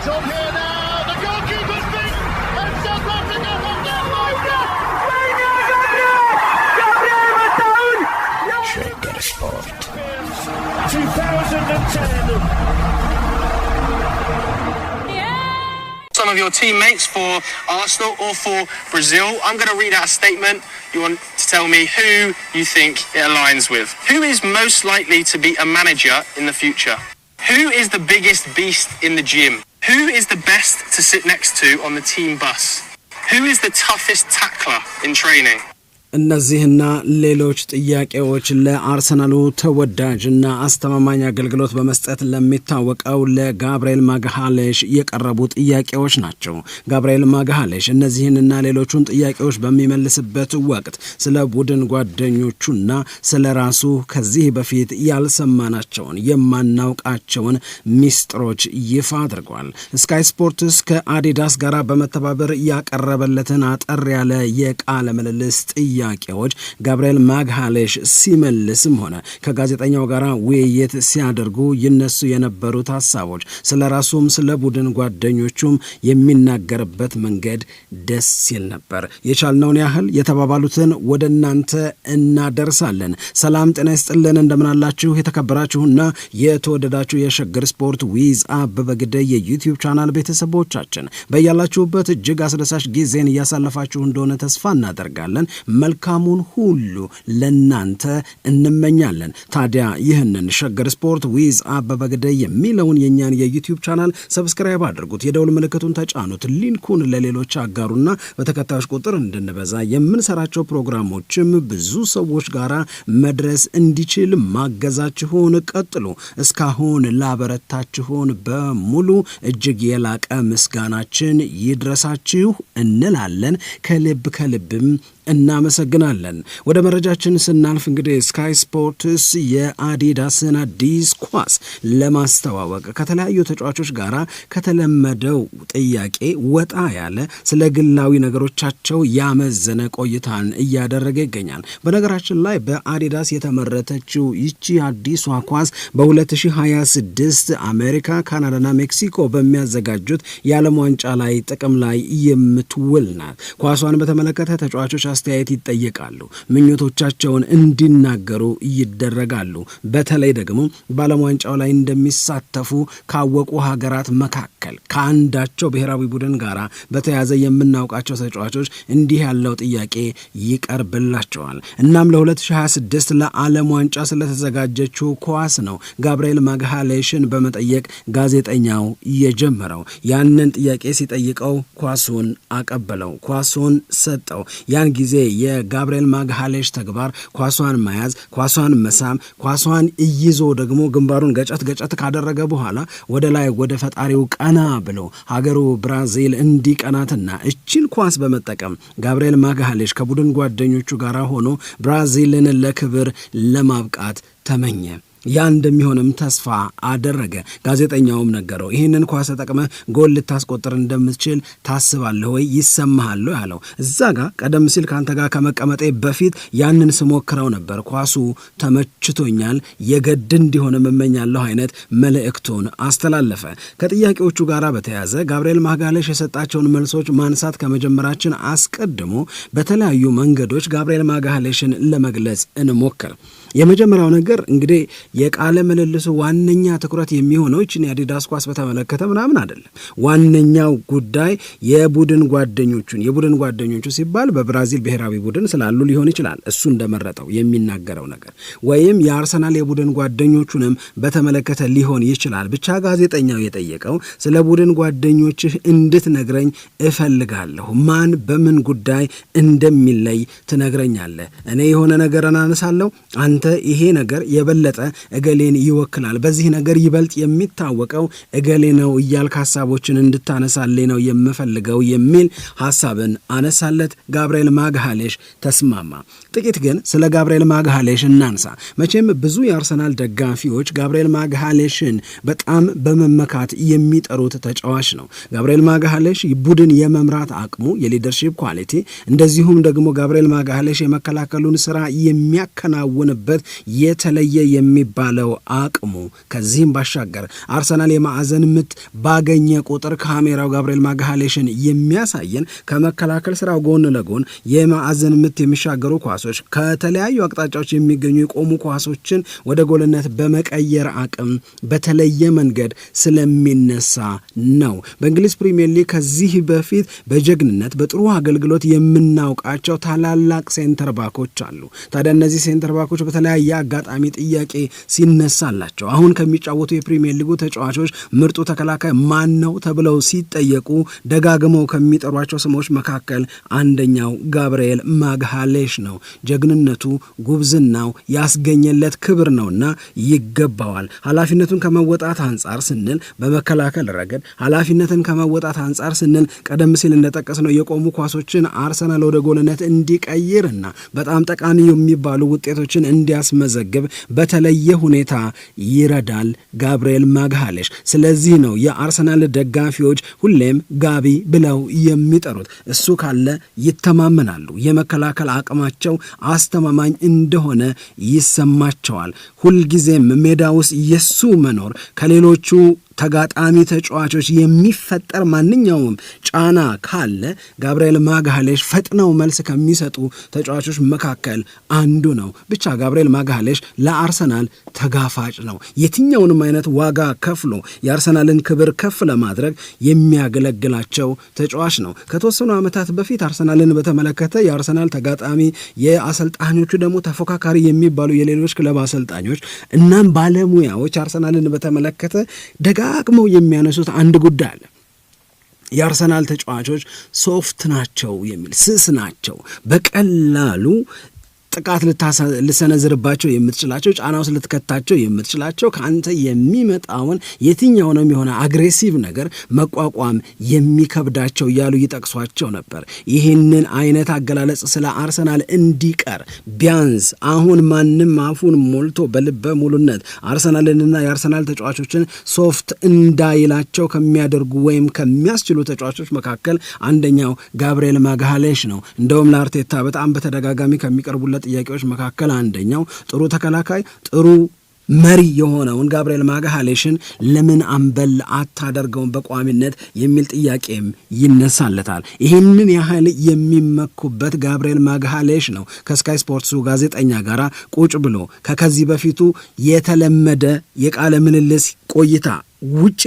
It's on here now. The goalkeeper's beaten, and South Africa have 2010. Yeah. Some of your teammates for Arsenal or for Brazil. I'm going to read out a statement. You want to tell me who you think it aligns with. Who is most likely to be a manager in the future? Who is the biggest beast in the gym? Who is the best to sit next to on the team bus? Who is the toughest tackler in training? እነዚህና ሌሎች ጥያቄዎች ለአርሰናሉ ተወዳጅና አስተማማኝ አገልግሎት በመስጠት ለሚታወቀው ለጋብርኤል ማግሃሌሽ የቀረቡ ጥያቄዎች ናቸው። ጋብርኤል ማግሃሌሽ እነዚህንና ሌሎቹን ጥያቄዎች በሚመልስበት ወቅት ስለ ቡድን ጓደኞቹና ስለ ራሱ ከዚህ በፊት ያልሰማናቸውን የማናውቃቸውን ሚስጥሮች ይፋ አድርጓል። ስካይ ስፖርትስ ከአዲዳስ ጋር በመተባበር ያቀረበለትን አጠር ያለ የቃለ ምልልስ ጥያ ጥያቄዎች ገብርኤል ማግሃሌሽ ሲመልስም ሆነ ከጋዜጠኛው ጋር ውይይት ሲያደርጉ ይነሱ የነበሩት ሀሳቦች ስለ ራሱም ስለ ቡድን ጓደኞቹም የሚናገርበት መንገድ ደስ ሲል ነበር። የቻልነውን ያህል የተባባሉትን ወደ እናንተ እናደርሳለን። ሰላም ጤና ይስጥልን። እንደምናላችሁ የተከበራችሁና የተወደዳችሁ የሸገር ስፖርት ዊዝ አበበ ግደይ የዩቲዩብ ቻናል ቤተሰቦቻችን በያላችሁበት እጅግ አስደሳች ጊዜን እያሳለፋችሁ እንደሆነ ተስፋ እናደርጋለን። መልካሙን ሁሉ ለናንተ እንመኛለን። ታዲያ ይህንን ሸገር ስፖርት ዊዝ አበበ ግደይ የሚለውን የእኛን የዩቲዩብ ቻናል ሰብስክራይብ አድርጉት፣ የደውል ምልክቱን ተጫኑት፣ ሊንኩን ለሌሎች አጋሩና በተከታዮች ቁጥር እንድንበዛ የምንሰራቸው ፕሮግራሞችም ብዙ ሰዎች ጋር መድረስ እንዲችል ማገዛችሁን ቀጥሉ። እስካሁን ላበረታችሁን በሙሉ እጅግ የላቀ ምስጋናችን ይድረሳችሁ እንላለን። ከልብ ከልብም እናመሰግናለን። ወደ መረጃችን ስናልፍ እንግዲህ ስካይ ስፖርትስ የአዲዳስን አዲስ ኳስ ለማስተዋወቅ ከተለያዩ ተጫዋቾች ጋር ከተለመደው ጥያቄ ወጣ ያለ ስለ ግላዊ ነገሮቻቸው ያመዘነ ቆይታን እያደረገ ይገኛል። በነገራችን ላይ በአዲዳስ የተመረተችው ይቺ አዲሷ ኳስ በ2026 አሜሪካ፣ ካናዳና ሜክሲኮ በሚያዘጋጁት የዓለም ዋንጫ ላይ ጥቅም ላይ የምትውል ናት። ኳሷን በተመለከተ ተጫዋቾች አስተያየት ይጠየቃሉ፣ ምኞቶቻቸውን እንዲናገሩ ይደረጋሉ። በተለይ ደግሞ በዓለም ዋንጫው ላይ እንደሚሳተፉ ካወቁ ሀገራት መካከል ከአንዳቸው ብሔራዊ ቡድን ጋር በተያዘ የምናውቃቸው ተጫዋቾች እንዲህ ያለው ጥያቄ ይቀርብላቸዋል። እናም ለ2026 ለዓለም ዋንጫ ስለተዘጋጀችው ኳስ ነው ጋብርኤል ማግሃሌሽን በመጠየቅ ጋዜጠኛው የጀመረው። ያንን ጥያቄ ሲጠይቀው ኳሱን አቀበለው፣ ኳሱን ሰጠው። ያን ጊዜ የጋብርኤል ማግሃሌሽ ተግባር ኳሷን መያዝ፣ ኳሷን መሳም፣ ኳሷን እይዞ ደግሞ ግንባሩን ገጨት ገጨት ካደረገ በኋላ ወደ ላይ ወደ ፈጣሪው ቀና ብሎ ሀገሩ ብራዚል እንዲቀናትና እችን ኳስ በመጠቀም ጋብርኤል ማግሃሌሽ ከቡድን ጓደኞቹ ጋር ሆኖ ብራዚልን ለክብር ለማብቃት ተመኘ። ያ እንደሚሆንም ተስፋ አደረገ። ጋዜጠኛውም ነገረው ይህንን ኳስ ተጠቅመህ ጎል ልታስቆጥር እንደምትችል ታስባለህ ወይ ይሰማሃለሁ? ያለው። እዛ ጋር ቀደም ሲል ከአንተ ጋር ከመቀመጤ በፊት ያንን ስሞክረው ነበር፣ ኳሱ ተመችቶኛል፣ የግድ እንዲሆን እመኛለሁ አይነት መልእክቱን አስተላለፈ። ከጥያቄዎቹ ጋር በተያያዘ ጋብርኤል ማጋለሽ የሰጣቸውን መልሶች ማንሳት ከመጀመራችን አስቀድሞ በተለያዩ መንገዶች ጋብርኤል ማጋለሽን ለመግለጽ እንሞክር። የመጀመሪያው ነገር እንግዲህ የቃለ ምልልሱ ዋነኛ ትኩረት የሚሆነው ይችን የአዲዳስ ኳስ በተመለከተ ምናምን አይደለም። ዋነኛው ጉዳይ የቡድን ጓደኞቹን የቡድን ጓደኞቹ ሲባል በብራዚል ብሔራዊ ቡድን ስላሉ ሊሆን ይችላል እሱ እንደመረጠው የሚናገረው ነገር ወይም የአርሰናል የቡድን ጓደኞቹንም በተመለከተ ሊሆን ይችላል። ብቻ ጋዜጠኛው የጠየቀው ስለ ቡድን ጓደኞችህ እንድትነግረኝ እፈልጋለሁ። ማን በምን ጉዳይ እንደሚለይ ትነግረኛለህ። እኔ የሆነ ነገር አናነሳለሁ አንተ ይሄ ነገር የበለጠ እገሌን ይወክላል፣ በዚህ ነገር ይበልጥ የሚታወቀው እገሌ ነው እያልክ ሀሳቦችን እንድታነሳልኝ ነው የምፈልገው የሚል ሀሳብን አነሳለት። ጋብርኤል ማግሃሌሽ ተስማማ። ጥቂት ግን ስለ ጋብርኤል ማግሃሌሽ እናንሳ። መቼም ብዙ የአርሰናል ደጋፊዎች ጋብርኤል ማግሃሌሽን በጣም በመመካት የሚጠሩት ተጫዋች ነው። ጋብርኤል ማግሃሌሽ ቡድን የመምራት አቅሙ፣ የሊደርሺፕ ኳሊቲ እንደዚሁም ደግሞ ጋብርኤል ማግሃሌሽ የመከላከሉን ስራ የሚያከናውንበት ያለበት የተለየ የሚባለው አቅሙ። ከዚህም ባሻገር አርሰናል የማዕዘን ምት ባገኘ ቁጥር ካሜራው ጋብርኤል ማግሃሌሽን የሚያሳየን ከመከላከል ስራው ጎን ለጎን የማዕዘን ምት የሚሻገሩ ኳሶች ከተለያዩ አቅጣጫዎች የሚገኙ የቆሙ ኳሶችን ወደ ጎልነት በመቀየር አቅም በተለየ መንገድ ስለሚነሳ ነው። በእንግሊዝ ፕሪምየር ሊግ ከዚህ በፊት በጀግንነት በጥሩ አገልግሎት የምናውቃቸው ታላላቅ ሴንተር ባኮች አሉ። ታዲያ እነዚህ ሴንተር ባኮች በተለያየ አጋጣሚ ጥያቄ ሲነሳላቸው አሁን ከሚጫወቱ የፕሪሚየር ሊጉ ተጫዋቾች ምርጡ ተከላካይ ማን ነው ተብለው ሲጠየቁ ደጋግመው ከሚጠሯቸው ስሞች መካከል አንደኛው ጋብርኤል ማግሃሌሽ ነው። ጀግንነቱ፣ ጉብዝናው ያስገኘለት ክብር ነውና ይገባዋል። ኃላፊነቱን ከመወጣት አንጻር ስንል በመከላከል ረገድ ኃላፊነትን ከመወጣት አንጻር ስንል ቀደም ሲል እንደጠቀስ ነው የቆሙ ኳሶችን አርሰናል ወደ ጎልነት እንዲቀይርና በጣም ጠቃሚ የሚባሉ ውጤቶችን እንዲ እንዲያስመዘግብ በተለየ ሁኔታ ይረዳል ጋብርኤል ማግሃሌሽ። ስለዚህ ነው የአርሰናል ደጋፊዎች ሁሌም ጋቢ ብለው የሚጠሩት። እሱ ካለ ይተማመናሉ። የመከላከል አቅማቸው አስተማማኝ እንደሆነ ይሰማቸዋል። ሁልጊዜም ሜዳ ውስጥ የሱ መኖር ከሌሎቹ ተጋጣሚ ተጫዋቾች የሚፈጠር ማንኛውም ጫና ካለ ጋብርኤል ማጋሌሽ ፈጥነው መልስ ከሚሰጡ ተጫዋቾች መካከል አንዱ ነው። ብቻ ጋብርኤል ማጋሌሽ ለአርሰናል ተጋፋጭ ነው። የትኛውንም አይነት ዋጋ ከፍሎ የአርሰናልን ክብር ከፍ ለማድረግ የሚያገለግላቸው ተጫዋች ነው። ከተወሰኑ ዓመታት በፊት አርሰናልን በተመለከተ የአርሰናል ተጋጣሚ የአሰልጣኞቹ ደግሞ ተፎካካሪ የሚባሉ የሌሎች ክለብ አሰልጣኞች እናም ባለሙያዎች አርሰናልን በተመለከተ ደጋ ደጋግመው የሚያነሱት አንድ ጉዳይ አለ። የአርሰናል ተጫዋቾች ሶፍት ናቸው የሚል ስስ ናቸው፣ በቀላሉ ጥቃት ልሰነዝርባቸው የምትችላቸው ጫና ውስጥ ልትከታቸው የምትችላቸው ከአንተ የሚመጣውን ነው የሆነ አግሬሲቭ ነገር መቋቋም የሚከብዳቸው እያሉ ይጠቅሷቸው ነበር። ይህንን አይነት አገላለጽ ስለ አርሰናል እንዲቀር ቢያንስ አሁን ማንም አፉን ሞልቶ በልበ ሙሉነት አርሰናልንና የአርሰናል ተጫዋቾችን ሶፍት እንዳይላቸው ከሚያደርጉ ወይም ከሚያስችሉ ተጫዋቾች መካከል አንደኛው ጋብርኤል ማግሃሌሽ ነው። እንደውም ለአርቴታ በጣም በተደጋጋሚ ከሚቀርቡለት ጥያቄዎች መካከል አንደኛው ጥሩ ተከላካይ፣ ጥሩ መሪ የሆነውን ጋብርኤል ማግሃሌሽን ለምን አምበል አታደርገውን በቋሚነት የሚል ጥያቄም ይነሳለታል። ይህንን ያህል የሚመኩበት ጋብርኤል ማግሃሌሽ ነው። ከስካይ ስፖርትሱ ጋዜጠኛ ጋር ቁጭ ብሎ ከከዚህ በፊቱ የተለመደ የቃለ ምልልስ ቆይታ ውጪ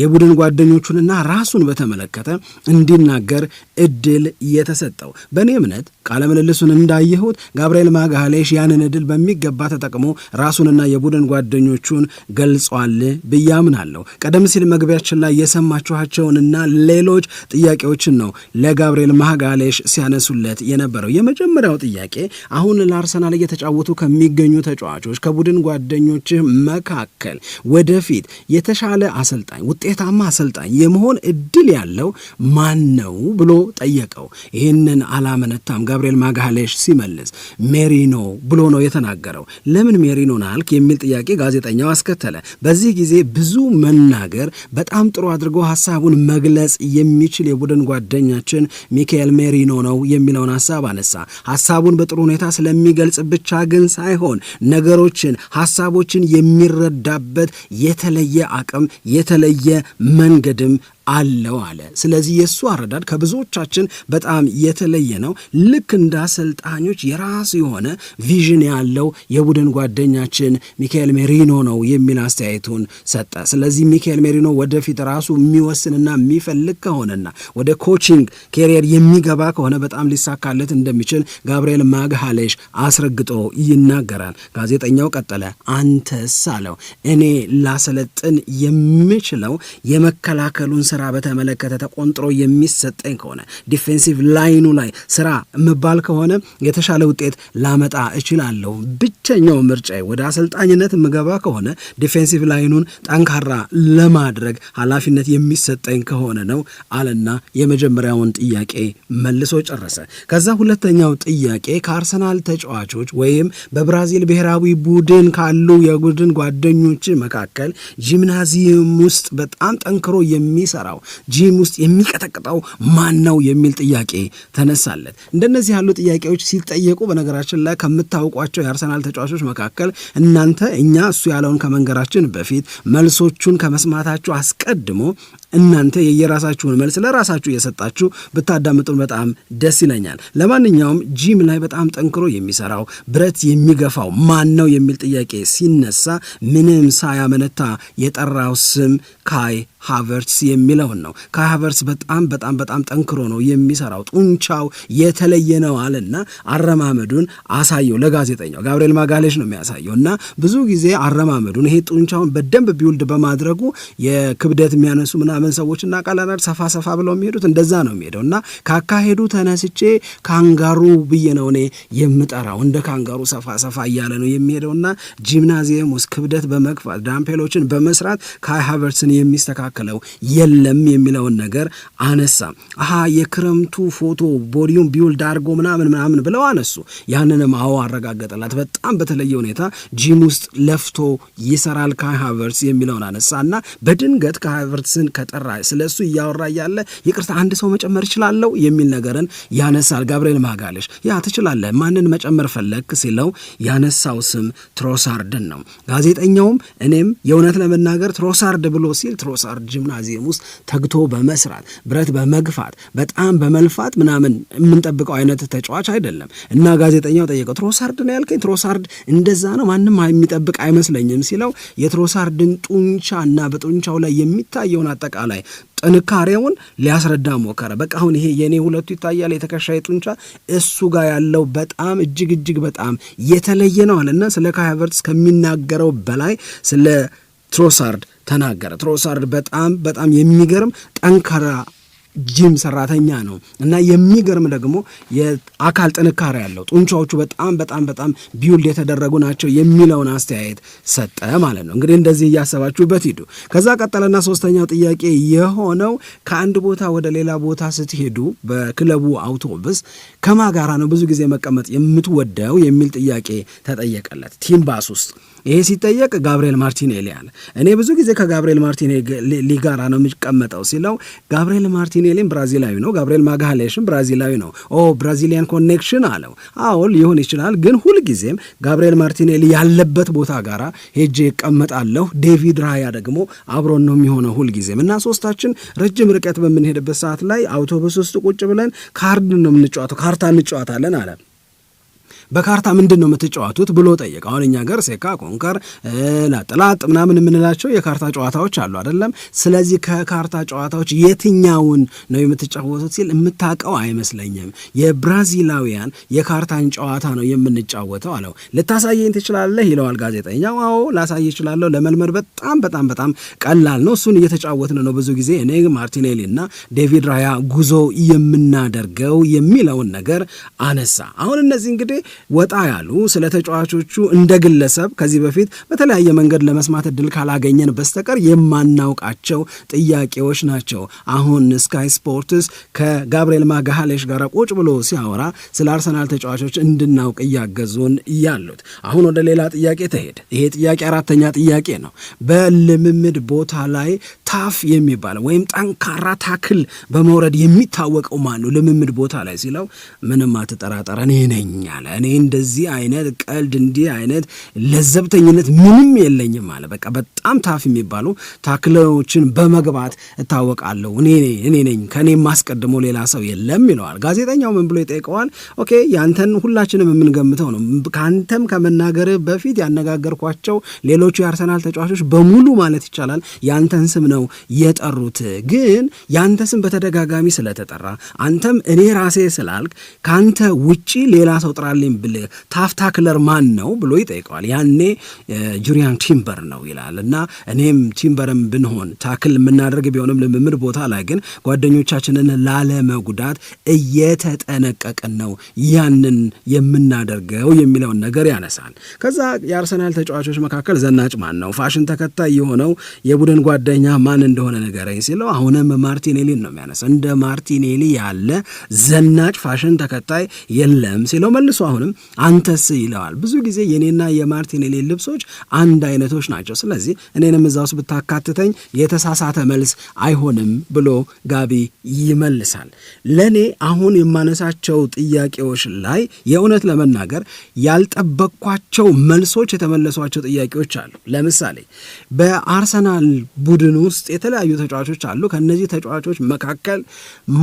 የቡድን ጓደኞቹንና ራሱን በተመለከተ እንዲናገር እድል የተሰጠው። በእኔ እምነት ቃለምልልሱን እንዳየሁት ጋብርኤል ማጋሌሽ ያንን እድል በሚገባ ተጠቅሞ ራሱንና የቡድን ጓደኞቹን ገልጿል ብዬ አምናለሁ። ቀደም ሲል መግቢያችን ላይ የሰማችኋቸውንና ሌሎች ጥያቄዎችን ነው ለጋብርኤል ማጋሌሽ ሲያነሱለት የነበረው። የመጀመሪያው ጥያቄ አሁን ለአርሰናል እየተጫወቱ ከሚገኙ ተጫዋቾች ከቡድን ጓደኞችህ መካከል ወደፊት የተሻለ የተሻለ አሰልጣኝ፣ ውጤታማ አሰልጣኝ የመሆን እድል ያለው ማን ነው ብሎ ጠየቀው። ይህንን አላመነታም ጋብርኤል ማግሃሌሽ ሲመልስ ሜሪኖ ብሎ ነው የተናገረው። ለምን ሜሪኖ ናልክ የሚል ጥያቄ ጋዜጠኛው አስከተለ። በዚህ ጊዜ ብዙ መናገር በጣም ጥሩ አድርጎ ሀሳቡን መግለጽ የሚችል የቡድን ጓደኛችን ሚካኤል ሜሪኖ ነው የሚለውን ሀሳብ አነሳ። ሀሳቡን በጥሩ ሁኔታ ስለሚገልጽ ብቻ ግን ሳይሆን ነገሮችን ሀሳቦችን የሚረዳበት የተለየ አቅም የተለየ መንገድም አለው አለ። ስለዚህ የእሱ አረዳድ ከብዙዎቻችን በጣም የተለየ ነው። ልክ እንደ አሰልጣኞች የራሱ የሆነ ቪዥን ያለው የቡድን ጓደኛችን ሚካኤል ሜሪኖ ነው የሚል አስተያየቱን ሰጠ። ስለዚህ ሚካኤል ሜሪኖ ወደፊት ራሱ የሚወስንና የሚፈልግ ከሆነና ወደ ኮቺንግ ኬሪየር የሚገባ ከሆነ በጣም ሊሳካለት እንደሚችል ጋብርኤል ማግሃሌሽ አስረግጦ ይናገራል። ጋዜጠኛው ቀጠለ፣ አንተስ አለው እኔ ላሰለጥን የምችለው የመከላከሉን ስራ በተመለከተ ተቆንጥሮ የሚሰጠኝ ከሆነ ዲፌንሲቭ ላይኑ ላይ ስራ የምባል ከሆነ የተሻለ ውጤት ላመጣ እችላለሁ። ብቸኛው ምርጫ ወደ አሰልጣኝነት ምገባ ከሆነ ዲፌንሲቭ ላይኑን ጠንካራ ለማድረግ ኃላፊነት የሚሰጠኝ ከሆነ ነው አለና የመጀመሪያውን ጥያቄ መልሶ ጨረሰ። ከዛ ሁለተኛው ጥያቄ ከአርሰናል ተጫዋቾች ወይም በብራዚል ብሔራዊ ቡድን ካሉ የቡድን ጓደኞች መካከል ጂምናዚየም ውስጥ በጣም ጠንክሮ የሚሰራ የሚሰራው ጂም ውስጥ የሚቀጠቅጠው ማን ነው የሚል ጥያቄ ተነሳለት። እንደነዚህ ያሉ ጥያቄዎች ሲጠየቁ በነገራችን ላይ ከምታውቋቸው የአርሰናል ተጫዋቾች መካከል እናንተ እኛ እሱ ያለውን ከመንገራችን በፊት መልሶቹን ከመስማታችሁ አስቀድሞ እናንተ የየራሳችሁን መልስ ለራሳችሁ እየሰጣችሁ ብታዳምጡን በጣም ደስ ይለኛል። ለማንኛውም ጂም ላይ በጣም ጠንክሮ የሚሰራው ብረት የሚገፋው ማን ነው የሚል ጥያቄ ሲነሳ ምንም ሳያመነታ የጠራው ስም ካይ ሃቨርትስ የሚለውን ነው። ካይ ሃቨርትስ በጣም በጣም በጣም ጠንክሮ ነው የሚሰራው፣ ጡንቻው የተለየ ነው አለና አረማመዱን አሳየው ለጋዜጠኛው። ጋብርኤል ማጋሌሽ ነው የሚያሳየው እና ብዙ ጊዜ አረማመዱን ይሄ ጡንቻውን በደንብ ቢውልድ በማድረጉ የክብደት የሚያነሱ ምና ምናምን ሰዎች እና ቃላናድ ሰፋ ሰፋ ብለው የሚሄዱት እንደዛ ነው የሚሄደው እና ካካሄዱ ተነስቼ ካንጋሩ ብዬ ነው እኔ የምጠራው። እንደ ካንጋሩ ሰፋ ሰፋ እያለ ነው የሚሄደው እና ጂምናዚየም ውስጥ ክብደት በመግፋት ዳምፔሎችን በመስራት ካይ ሃቨርትስን የሚስተካከለው የለም የሚለውን ነገር አነሳ። አሀ የክረምቱ ፎቶ ቦዲውን ቢውልድ አድርጎ ምናምን ምናምን ብለው አነሱ። ያንንም አዎ አረጋገጠላት። በጣም በተለየ ሁኔታ ጂም ውስጥ ለፍቶ ይሰራል ካይ ሃቨርትስ የሚለውን አነሳ እና በድንገት ካይ ሃቨርትስን እየጠራ ስለ እሱ እያወራ እያለ ይቅርታ አንድ ሰው መጨመር ይችላለው የሚል ነገርን ያነሳል ጋብርኤል ማጋለሽ። ያ ትችላለህ፣ ማንን መጨመር ፈለክ ሲለው ያነሳው ስም ትሮሳርድን ነው። ጋዜጠኛውም እኔም የእውነት ለመናገር ትሮሳርድ ብሎ ሲል ትሮሳርድ ጂምናዚየም ውስጥ ተግቶ በመስራት ብረት በመግፋት በጣም በመልፋት ምናምን የምንጠብቀው አይነት ተጫዋች አይደለም እና ጋዜጠኛው ጠየቀው፣ ትሮሳርድ ነው ያልከኝ? ትሮሳርድ እንደዛ ነው ማንም የሚጠብቅ አይመስለኝም ሲለው የትሮሳርድን ጡንቻ እና በጡንቻው ላይ የሚታየውን አጠቃ አጠቃላይ ጥንካሬውን ሊያስረዳ ሞከረ። በቃ አሁን ይሄ የእኔ ሁለቱ ይታያል የትከሻ የጡንቻ እሱ ጋር ያለው በጣም እጅግ እጅግ በጣም የተለየ ነው አለና ስለ ካይ ከሚናገረው በላይ ስለ ትሮሳርድ ተናገረ። ትሮሳርድ በጣም በጣም የሚገርም ጠንካራ ጂም ሰራተኛ ነው እና የሚገርም ደግሞ የአካል ጥንካሬ ያለው ጡንቻዎቹ በጣም በጣም በጣም ቢውልድ የተደረጉ ናቸው የሚለውን አስተያየት ሰጠ ማለት ነው። እንግዲህ እንደዚህ እያሰባችሁበት ሂዱ። ከዛ ቀጠለና ሶስተኛው ጥያቄ የሆነው ከአንድ ቦታ ወደ ሌላ ቦታ ስትሄዱ በክለቡ አውቶቡስ ከማ ጋራ ነው ብዙ ጊዜ መቀመጥ የምትወደው የሚል ጥያቄ ተጠየቀለት ቲምባስ ውስጥ ይሄ ሲጠየቅ ጋብርኤል ማርቲኔሊ አለ። እኔ ብዙ ጊዜ ከጋብርኤል ማርቲኔሊ ጋር ነው የሚቀመጠው ሲለው ጋብርኤል ማርቲኔሊም ብራዚላዊ ነው፣ ጋብርኤል ማጋሌሽም ብራዚላዊ ነው። ኦ ብራዚሊያን ኮኔክሽን አለው። አዎ ሊሆን ይችላል፣ ግን ሁልጊዜም ጋብርኤል ማርቲኔሊ ያለበት ቦታ ጋር ሄጄ ይቀመጣለሁ። ዴቪድ ራያ ደግሞ አብሮን ነው የሚሆነው ሁልጊዜም እና ሶስታችን ረጅም ርቀት በምንሄድበት ሰዓት ላይ አውቶቡስ ውስጥ ቁጭ ብለን ካርድ ነው የምንጫዋተው፣ ካርታ እንጫዋታለን አለ በካርታ ምንድን ነው የምትጫወቱት ብሎ ጠየቅ። አሁን እኛ ጋር ሴካ፣ ኮንከር፣ ላጥላጥ ምናምን የምንላቸው የካርታ ጨዋታዎች አሉ አይደለም። ስለዚህ ከካርታ ጨዋታዎች የትኛውን ነው የምትጫወቱት ሲል የምታውቀው አይመስለኝም፣ የብራዚላውያን የካርታን ጨዋታ ነው የምንጫወተው አለው። ልታሳየኝ ትችላለህ ይለዋል ጋዜጠኛው። አዎ ላሳይ ይችላለሁ። ለመልመድ በጣም በጣም በጣም ቀላል ነው። እሱን እየተጫወትን ነው ብዙ ጊዜ እኔ ማርቲኔሊ እና ዴቪድ ራያ ጉዞ የምናደርገው የሚለውን ነገር አነሳ። አሁን እነዚህ እንግዲህ ወጣ ያሉ ስለ ተጫዋቾቹ እንደ ግለሰብ ከዚህ በፊት በተለያየ መንገድ ለመስማት እድል ካላገኘን በስተቀር የማናውቃቸው ጥያቄዎች ናቸው። አሁን ስካይ ስፖርትስ ከጋብርኤል ማጋሃሌሽ ጋር ቁጭ ብሎ ሲያወራ ስለ አርሰናል ተጫዋቾች እንድናውቅ እያገዙን ያሉት። አሁን ወደ ሌላ ጥያቄ ተሄድ። ይሄ ጥያቄ አራተኛ ጥያቄ ነው። በልምምድ ቦታ ላይ ታፍ የሚባለው ወይም ጠንካራ ታክል በመውረድ የሚታወቀው ማን ልምምድ ቦታ ላይ ሲለው፣ ምንም አትጠራጠረን ይነኛለ እኔ እኔ እንደዚህ አይነት ቀልድ እንዲህ አይነት ለዘብተኝነት ምንም የለኝም አለ። በቃ በጣም ታፍ የሚባሉ ታክለዎችን በመግባት እታወቃለሁ። እኔ እኔ ነኝ ከእኔ ማስቀድሞ ሌላ ሰው የለም ይለዋል። ጋዜጠኛው ምን ብሎ ይጠይቀዋል? ኦኬ ያንተን ሁላችንም የምንገምተው ነው። ከአንተም ከመናገር በፊት ያነጋገርኳቸው ሌሎቹ የአርሰናል ተጫዋቾች በሙሉ ማለት ይቻላል ያንተን ስም ነው የጠሩት። ግን ያንተ ስም በተደጋጋሚ ስለተጠራ አንተም እኔ ራሴ ስላልክ ከአንተ ውጪ ሌላ ሰው ጥራልኝ ብልህ ታፍታክለር ማን ነው ብሎ ይጠይቀዋል። ያኔ ጁሪያን ቲምበር ነው ይላል። እና እኔም ቲምበርም ብንሆን ታክል የምናደርግ ቢሆንም ልምምድ ቦታ ላይ ግን ጓደኞቻችንን ላለመጉዳት እየተጠነቀቅን ነው ያንን የምናደርገው የሚለውን ነገር ያነሳል። ከዛ የአርሰናል ተጫዋቾች መካከል ዘናጭ ማን ነው ፋሽን ተከታይ የሆነው የቡድን ጓደኛ ማን እንደሆነ ንገረኝ ሲለው አሁንም ማርቲኔሊን ነው የሚያነሳ። እንደ ማርቲኔሊ ያለ ዘናጭ ፋሽን ተከታይ የለም ሲለው መልሶ አሁንም ወይም አንተስ ይለዋል። ብዙ ጊዜ የኔና የማርቲኔሊ ልብሶች አንድ አይነቶች ናቸው፣ ስለዚህ እኔንም እዛ ውስጥ ብታካትተኝ የተሳሳተ መልስ አይሆንም ብሎ ጋቢ ይመልሳል። ለእኔ አሁን የማነሳቸው ጥያቄዎች ላይ የእውነት ለመናገር ያልጠበቅኳቸው መልሶች የተመለሷቸው ጥያቄዎች አሉ። ለምሳሌ በአርሰናል ቡድን ውስጥ የተለያዩ ተጫዋቾች አሉ። ከእነዚህ ተጫዋቾች መካከል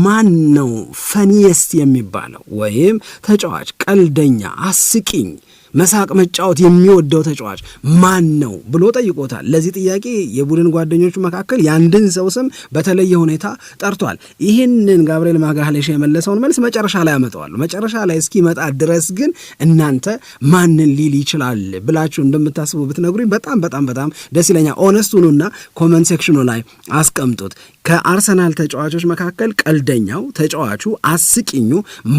ማን ነው ፈኒየስት የሚባለው ወይም ተጫዋች ቀልደኝ አስቂኝ መሳቅ መጫወት የሚወደው ተጫዋች ማን ነው ብሎ ጠይቆታል። ለዚህ ጥያቄ የቡድን ጓደኞቹ መካከል የአንድን ሰው ስም በተለየ ሁኔታ ጠርቷል። ይህንን ጋብርኤል ማጋሌሽ የመለሰውን መልስ መጨረሻ ላይ አመጣዋለሁ። መጨረሻ ላይ እስኪመጣ ድረስ ግን እናንተ ማንን ሊል ይችላል ብላችሁ እንደምታስቡ ብትነግሩኝ በጣም በጣም በጣም ደስ ይለኛል። ኦነስቱኑና ኮመንት ሴክሽኑ ላይ አስቀምጡት። ከአርሰናል ተጫዋቾች መካከል ቀልደኛው ተጫዋቹ አስቂኙ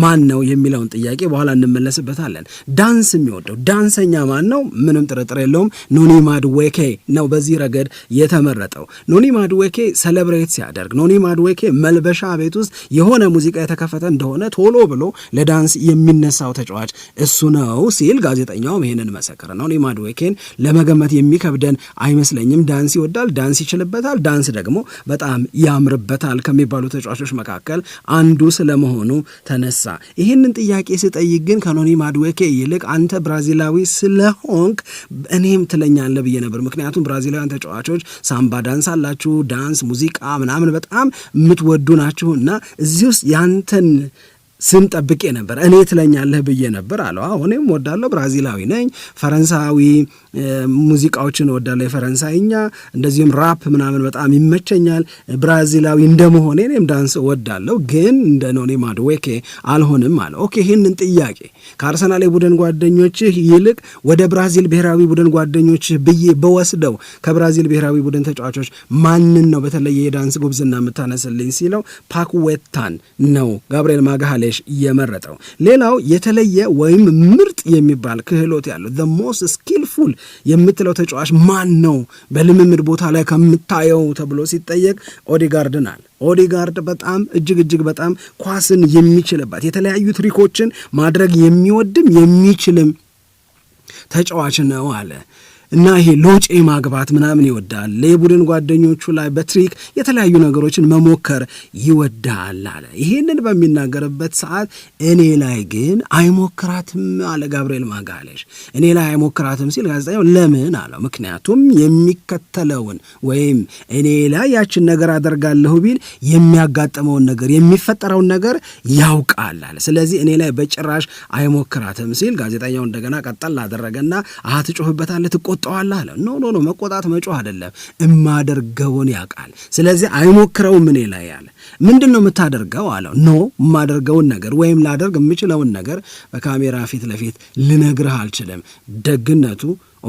ማን ነው የሚለውን ጥያቄ በኋላ እንመለስበታለን። ዳንስ የሚወድ የምወደው። ዳንሰኛ ማን ነው? ምንም ጥርጥር የለውም ኖኒ ማድዌኬ ነው በዚህ ረገድ የተመረጠው። ኖኒ ማድዌኬ ሰለብሬት ሲያደርግ፣ ኖኒ ማድዌኬ መልበሻ ቤት ውስጥ የሆነ ሙዚቃ የተከፈተ እንደሆነ ቶሎ ብሎ ለዳንስ የሚነሳው ተጫዋች እሱ ነው ሲል ጋዜጠኛውም ይሄንን መሰከረ። ኖኒ ማድዌኬን ለመገመት የሚከብደን አይመስለኝም። ዳንስ ይወዳል፣ ዳንስ ይችልበታል፣ ዳንስ ደግሞ በጣም ያምርበታል ከሚባሉ ተጫዋቾች መካከል አንዱ ስለመሆኑ ተነሳ። ይህንን ጥያቄ ስጠይቅ ግን ከኖኒ ማድዌኬ ይልቅ አንተ ብራ ብራዚላዊ ስለሆንክ እኔም ትለኛለ ብዬ ነበር። ምክንያቱም ብራዚላውያን ተጫዋቾች ሳምባ ዳንስ አላችሁ፣ ዳንስ ሙዚቃ ምናምን በጣም የምትወዱ ናችሁ እና እዚህ ውስጥ ያንተን ስም ጠብቄ ነበር። እኔ ትለኛለህ ብዬ ነበር አለው። እኔም ወዳለሁ፣ ብራዚላዊ ነኝ፣ ፈረንሳዊ ሙዚቃዎችን ወዳለሁ፣ የፈረንሳይኛ እንደዚሁም ራፕ ምናምን በጣም ይመቸኛል። ብራዚላዊ እንደመሆኔ እኔም ዳንስ ወዳለሁ፣ ግን እንደ ኖኔ ማድዌኬ አልሆንም አለ። ኦኬ ይህንን ጥያቄ ከአርሰናል የቡድን ጓደኞችህ ይልቅ ወደ ብራዚል ብሔራዊ ቡድን ጓደኞችህ ብዬ በወስደው ከብራዚል ብሔራዊ ቡድን ተጫዋቾች ማንን ነው በተለየ የዳንስ ጉብዝና የምታነስልኝ ሲለው ፓኩዌታን ነው ጋብርኤል ማግሃሌ ዳሊሽ የመረጠው። ሌላው የተለየ ወይም ምርጥ የሚባል ክህሎት ያለው ዘ ሞስት ስኪልፉል የምትለው ተጫዋች ማን ነው በልምምድ ቦታ ላይ ከምታየው ተብሎ ሲጠየቅ ኦዲጋርድ አለ። ኦዲጋርድ በጣም እጅግ እጅግ በጣም ኳስን የሚችልባት የተለያዩ ትሪኮችን ማድረግ የሚወድም የሚችልም ተጫዋች ነው አለ። እና ይሄ ሎጬ ማግባት ምናምን ይወዳል። የቡድን ጓደኞቹ ላይ በትሪክ የተለያዩ ነገሮችን መሞከር ይወዳል አለ። ይሄንን በሚናገርበት ሰዓት እኔ ላይ ግን አይሞክራትም አለ ጋብርኤል ማጋለሽ። እኔ ላይ አይሞክራትም ሲል ጋዜጠኛው ለምን አለው። ምክንያቱም የሚከተለውን ወይም እኔ ላይ ያችን ነገር አደርጋለሁ ቢል የሚያጋጥመውን ነገር የሚፈጠረውን ነገር ያውቃል አለ። ስለዚህ እኔ ላይ በጭራሽ አይሞክራትም ሲል ጋዜጠኛው እንደገና ቀጠል አደረገና አህ ትቆ ትቆጣዋለህ አለ። ኖ ኖ ኖ መቆጣት መጮህ አይደለም፣ እማደርገውን ያውቃል። ስለዚህ አይሞክረውም እኔ ላይ አለ። ምንድን ነው የምታደርገው አለው። ኖ የማደርገውን ነገር ወይም ላደርግ የምችለውን ነገር በካሜራ ፊት ለፊት ልነግርህ አልችልም ደግነቱ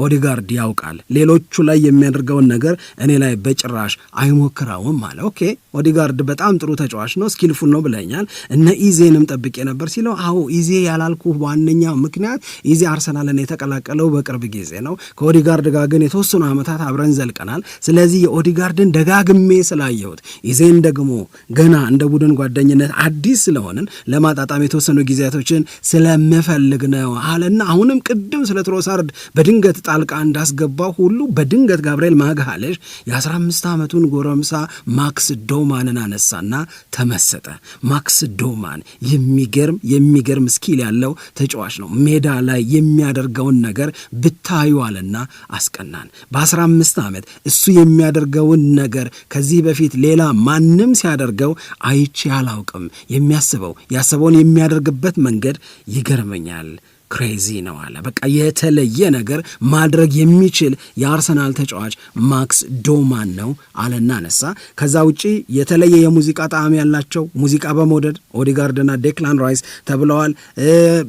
ኦዲጋርድ ያውቃል፣ ሌሎቹ ላይ የሚያደርገውን ነገር እኔ ላይ በጭራሽ አይሞክረውም አለ። ኦኬ ኦዲጋርድ በጣም ጥሩ ተጫዋች ነው፣ ስኪልፉል ነው ብለኛል። እነ ኢዜንም ጠብቄ ነበር ሲለው፣ አዎ ኢዜ ያላልኩ ዋነኛው ምክንያት ኢዜ አርሰናልን የተቀላቀለው በቅርብ ጊዜ ነው። ከኦዲጋርድ ጋር ግን የተወሰኑ ዓመታት አብረን ዘልቀናል። ስለዚህ የኦዲጋርድን ደጋግሜ ስላየሁት ኢዜን ደግሞ ገና እንደ ቡድን ጓደኝነት አዲስ ስለሆንን ለማጣጣም የተወሰኑ ጊዜያቶችን ስለምፈልግ ነው አለና አሁንም ቅድም ስለ ትሮሳርድ በድንገት ጣልቃ እንዳስገባው ሁሉ በድንገት ጋብርኤል ማግሃለሽ የ15 ዓመቱን ጎረምሳ ማክስ ዶማንን አነሳና ተመሰጠ። ማክስ ዶማን የሚገርም የሚገርም ስኪል ያለው ተጫዋች ነው። ሜዳ ላይ የሚያደርገውን ነገር ብታዩ አለና አስቀናን። በ15 ዓመት እሱ የሚያደርገውን ነገር ከዚህ በፊት ሌላ ማንም ሲያደርገው አይቼ አላውቅም። የሚያስበው ያሰበውን የሚያደርግበት መንገድ ይገርመኛል። ክሬዚ ነው አለ። በቃ የተለየ ነገር ማድረግ የሚችል የአርሰናል ተጫዋች ማክስ ዶማን ነው አለና ነሳ። ከዛ ውጪ የተለየ የሙዚቃ ጣዕም ያላቸው ሙዚቃ በመውደድ ኦዲጋርድና ዴክላን ራይስ ተብለዋል።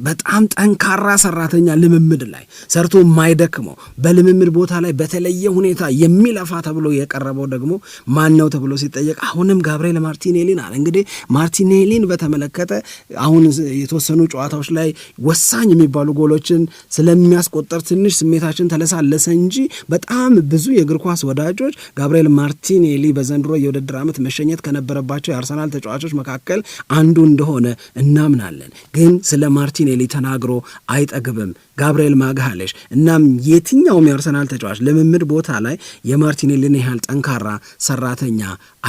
በጣም ጠንካራ ሰራተኛ፣ ልምምድ ላይ ሰርቶ የማይደክመው በልምምድ ቦታ ላይ በተለየ ሁኔታ የሚለፋ ተብሎ የቀረበው ደግሞ ማን ነው ተብሎ ሲጠየቅ አሁንም ጋብርኤል ማርቲኔሊን አለ። እንግዲህ ማርቲኔሊን በተመለከተ አሁን የተወሰኑ ጨዋታዎች ላይ ወሳኝ የሚ የሚባሉ ጎሎችን ስለሚያስቆጠር ትንሽ ስሜታችን ተለሳለሰ እንጂ በጣም ብዙ የእግር ኳስ ወዳጆች ጋብርኤል ማርቲኔሊ በዘንድሮ የውድድር ዓመት መሸኘት ከነበረባቸው የአርሰናል ተጫዋቾች መካከል አንዱ እንደሆነ እናምናለን። ግን ስለ ማርቲኔሊ ተናግሮ አይጠግብም ጋብርኤል ማግሃለሽ። እናም የትኛውም የአርሰናል ተጫዋች ልምምድ ቦታ ላይ የማርቲኔሊን ያህል ጠንካራ ሰራተኛ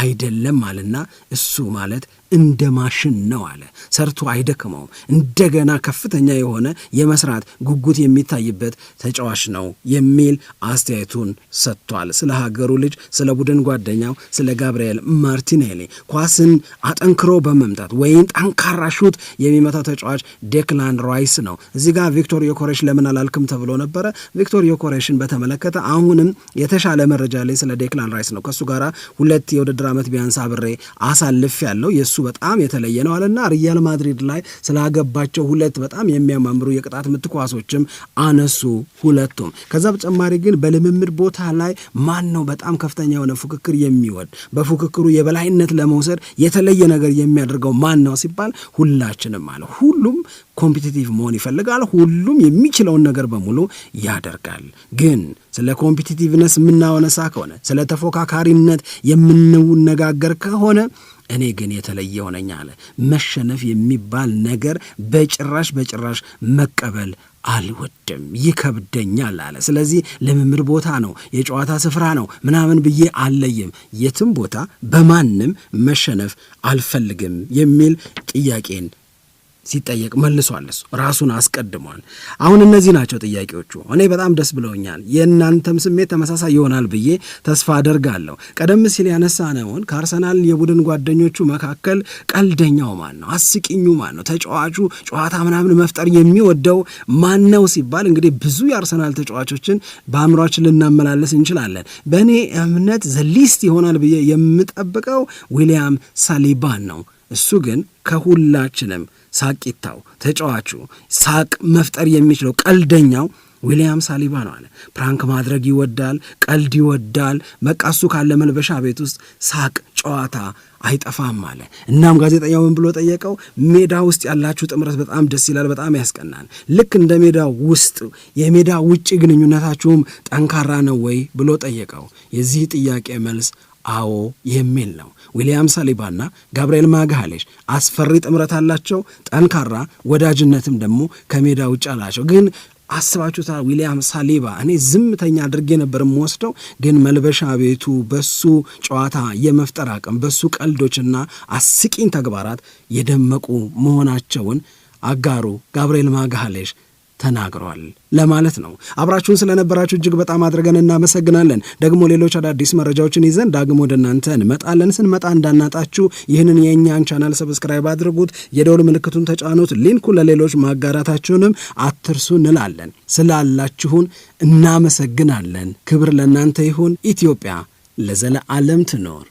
አይደለም አልና እሱ ማለት እንደ ማሽን ነው አለ። ሰርቶ አይደክመውም። እንደገና ከፍተኛ የሆነ የመስራት ጉጉት የሚታይበት ተጫዋች ነው የሚል አስተያየቱን ሰጥቷል። ስለ ሀገሩ ልጅ፣ ስለ ቡድን ጓደኛው፣ ስለ ጋብርኤል ማርቲኔሊ ኳስን አጠንክሮ በመምጣት ወይም ጠንካራ ሹት የሚመታው ተጫዋች ዴክላን ራይስ ነው። እዚህ ጋር ቪክቶር ዮኮሬሽ ለምን አላልክም ተብሎ ነበረ። ቪክቶር ዮኮሬሽን በተመለከተ አሁንም የተሻለ መረጃ ላይ ስለ ዴክላን ራይስ ነው። ከእሱ ጋር ሁለት የውድድር ዓመት ቢያንስ አብሬ አሳልፍ ያለው የእሱ በጣም የተለየ ነው አለና ሪያል ማድሪድ ላይ ስላገባቸው ሁለት በጣም የሚያማምሩ የቅጣት ምት ኳሶችም አነሱ ሁለቱም። ከዛ በተጨማሪ ግን በልምምድ ቦታ ላይ ማን ነው በጣም ከፍተኛ የሆነ ፉክክር የሚወድ በፉክክሩ የበላይነት ለመውሰድ የተለየ ነገር የሚያደርገው ማን ነው ሲባል ሁላችንም አለ ሁሉም ኮምፒቲቲቭ መሆን ይፈልጋል። ሁሉም የሚችለውን ነገር በሙሉ ያደርጋል። ግን ስለ ኮምፒቲቲቭነስ የምናወነሳ ከሆነ ስለ ተፎካካሪነት የምንነጋገር ከሆነ እኔ ግን የተለየ ሆነኝ አለ። መሸነፍ የሚባል ነገር በጭራሽ በጭራሽ መቀበል አልወድም፣ ይከብደኛል አለ። ስለዚህ ልምምድ ቦታ ነው፣ የጨዋታ ስፍራ ነው ምናምን ብዬ አለይም የትም ቦታ በማንም መሸነፍ አልፈልግም የሚል ጥያቄን ሲጠየቅ መልሷል። እሱ ራሱን አስቀድሟል። አሁን እነዚህ ናቸው ጥያቄዎቹ። እኔ በጣም ደስ ብለውኛል። የእናንተም ስሜት ተመሳሳይ ይሆናል ብዬ ተስፋ አደርጋለሁ። ቀደም ሲል ያነሳነውን ከአርሰናል የቡድን ጓደኞቹ መካከል ቀልደኛው ማን ነው? አስቂኙ ማን ነው? ተጫዋቹ ጨዋታ ምናምን መፍጠር የሚወደው ማን ነው ሲባል እንግዲህ ብዙ የአርሰናል ተጫዋቾችን በአእምሯችን ልናመላለስ እንችላለን። በእኔ እምነት ዘሊስት ይሆናል ብዬ የምጠብቀው ዊሊያም ሳሊባን ነው። እሱ ግን ከሁላችንም ሳቂታው ተጫዋቹ ሳቅ መፍጠር የሚችለው ቀልደኛው ዊሊያም ሳሊባ ነው አለ። ፕራንክ ማድረግ ይወዳል፣ ቀልድ ይወዳል። በቃ እሱ ካለ መልበሻ ቤት ውስጥ ሳቅ፣ ጨዋታ አይጠፋም አለ። እናም ጋዜጠኛው ምን ብሎ ጠየቀው? ሜዳ ውስጥ ያላችሁ ጥምረት በጣም ደስ ይላል፣ በጣም ያስቀናል። ልክ እንደ ሜዳ ውስጥ የሜዳ ውጭ ግንኙነታችሁም ጠንካራ ነው ወይ ብሎ ጠየቀው። የዚህ ጥያቄ መልስ አዎ የሚል ነው። ዊሊያም ሳሊባና ጋብርኤል ማግሃሌሽ አስፈሪ ጥምረት አላቸው። ጠንካራ ወዳጅነትም ደግሞ ከሜዳ ውጭ አላቸው። ግን አስባችሁታ ዊሊያም ሳሊባ እኔ ዝምተኛ አድርጌ ነበር የምወስደው፣ ግን መልበሻ ቤቱ በሱ ጨዋታ የመፍጠር አቅም በሱ ቀልዶችና አስቂኝ ተግባራት የደመቁ መሆናቸውን አጋሩ ጋብርኤል ማግሃሌሽ ተናግሯል ለማለት ነው። አብራችሁን ስለነበራችሁ እጅግ በጣም አድርገን እናመሰግናለን። ደግሞ ሌሎች አዳዲስ መረጃዎችን ይዘን ዳግም ወደ እናንተ እንመጣለን። ስንመጣ እንዳናጣችሁ ይህንን የእኛን ቻናል ሰብስክራይብ አድርጉት፣ የደውል ምልክቱን ተጫኑት፣ ሊንኩ ለሌሎች ማጋራታችሁንም አትርሱ እንላለን። ስላላችሁን እናመሰግናለን። ክብር ለእናንተ ይሁን። ኢትዮጵያ ለዘለዓለም ትኖር።